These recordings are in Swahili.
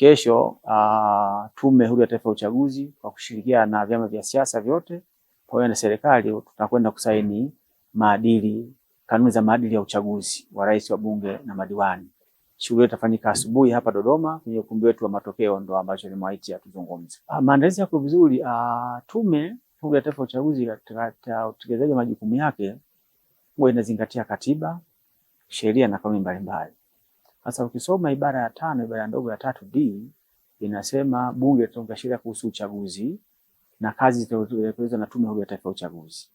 Kesho uh, Tume Huru ya Taifa ya Uchaguzi kwa kushirikiana na vyama vya siasa vyote pamoja na serikali tutakwenda kusaini maadili, kanuni za maadili ya uchaguzi wa rais, wa bunge na madiwani. Shughuli itafanyika asubuhi hapa Dodoma kwenye ukumbi wetu wa Matokeo, ndo ambacho nimewaita tuzungumze. Ah, maandalizi yako vizuri. Ah, tume Huru ya Taifa ya Uchaguzi katika utekelezaji wa majukumu yake huwa inazingatia katiba, sheria na kanuni mbalimbali. Sasa ukisoma ibara ya tano ibara ndogo ya tatu D inasema bunge litatunga sheria kuhusu uchaguzi na kazi zitakazoelekezwa na tume huru ya taifa ya uchaguzi.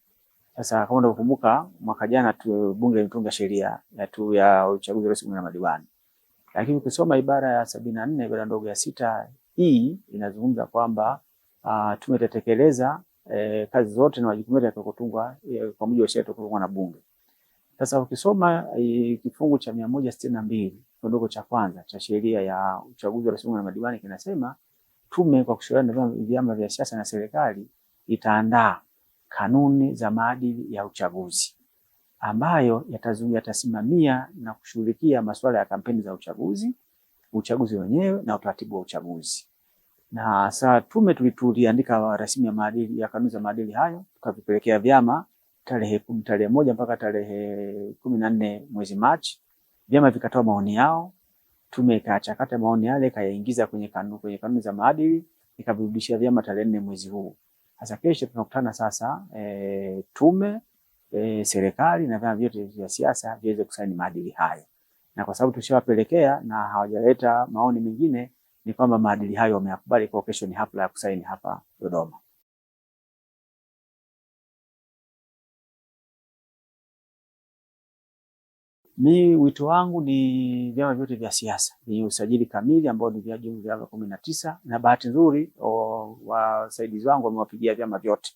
Sasa kama unakumbuka mwaka jana tu bunge lilitunga sheria ya tu ya uchaguzi rais na madiwani. Lakini ukisoma ibara ya sabini na nne ibara ndogo ya sita hii e, inazungumza kwamba uh, tume itatekeleza eh, kazi zote na majukumu yote yatakayotungwa eh, kwa mujibu wa sheria itakayotungwa na bunge. Sasa ukisoma eh, kifungu cha mia moja sitini na mbili kidogo cha kwanza cha sheria ya uchaguzi wa rais na madiwani kinasema tume kwa kushauriana na vyama vya siasa na serikali itaandaa kanuni za maadili ya uchaguzi ambayo yatasimamia na kushughulikia masuala ya kampeni za uchaguzi, uchaguzi wenyewe na utaratibu wa uchaguzi. Na saa tume tuliandika rasimu ya maadili ya kanuni za maadili hayo tukavipelekea vyama tarehe kumi tarehe moja mpaka tarehe kumi na nne mwezi Machi, vyama vikatoa maoni yao, tume ikachakata maoni yale ikayaingiza kwenye kanuni kwenye kanuni za maadili ikavirudishia vyama tarehe nne mwezi huu. Sasa kesho tunakutana sasa, e, tume e, serikali na vyama vyote vya siasa viweze kusaini maadili hayo, na kwa sababu tushawapelekea na hawajaleta maoni mengine, ni kwamba maadili hayo wameyakubali, kwa kesho ni hafla ya kusaini hapa Dodoma. Mi wito wangu ni vyama vyote vya siasa ni usajili kamili ambao ni vya jumla vyama kumi na tisa, na bahati nzuri wasaidizi wangu wamewapigia vyama vyote,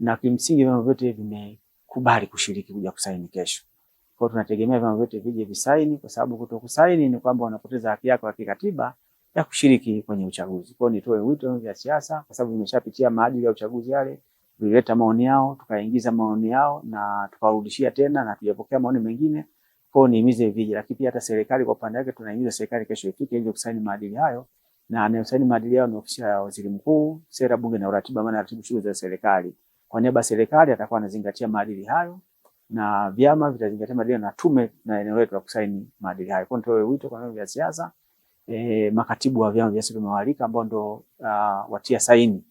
na kimsingi vyama vyote vimekubali kushiriki kuja kusaini kesho. Kwa hiyo tunategemea vyama vyote vije visaini, kwa sababu kutokusaini ni kwamba wanapoteza haki yako ya kikatiba ya kushiriki kwenye uchaguzi. Kwa hiyo nitoe wito vya siasa, kwa sababu vimeshapitia maadili ya uchaguzi yale vilileta maoni yao, tukaingiza maoni yao na tukawarudishia tena na tujapokea maoni mengine. Kwa hiyo nihimize vijiji, lakini pia hata serikali kwa upande wake tunahimiza serikali kesho ifike ili kusaini maadili hayo, na anayosaini maadili hayo ni ofisi ya Waziri Mkuu, Sera, Bunge na Uratibu, maana ratibu shughuli za serikali. Kwa niaba ya serikali atakuwa anazingatia maadili hayo na vyama vitazingatia maadili na tume na eneo letu la kusaini maadili hayo. Kwa nitoe wito kwa vyama vya siasa e, makatibu wa vyama vya siasa vimewalika ambao ndo uh, watia saini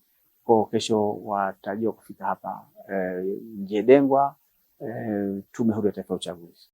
kwa kesho watarajiwa kufika hapa e, Njedengwa e, Tume Huru ya Taifa ya Uchaguzi.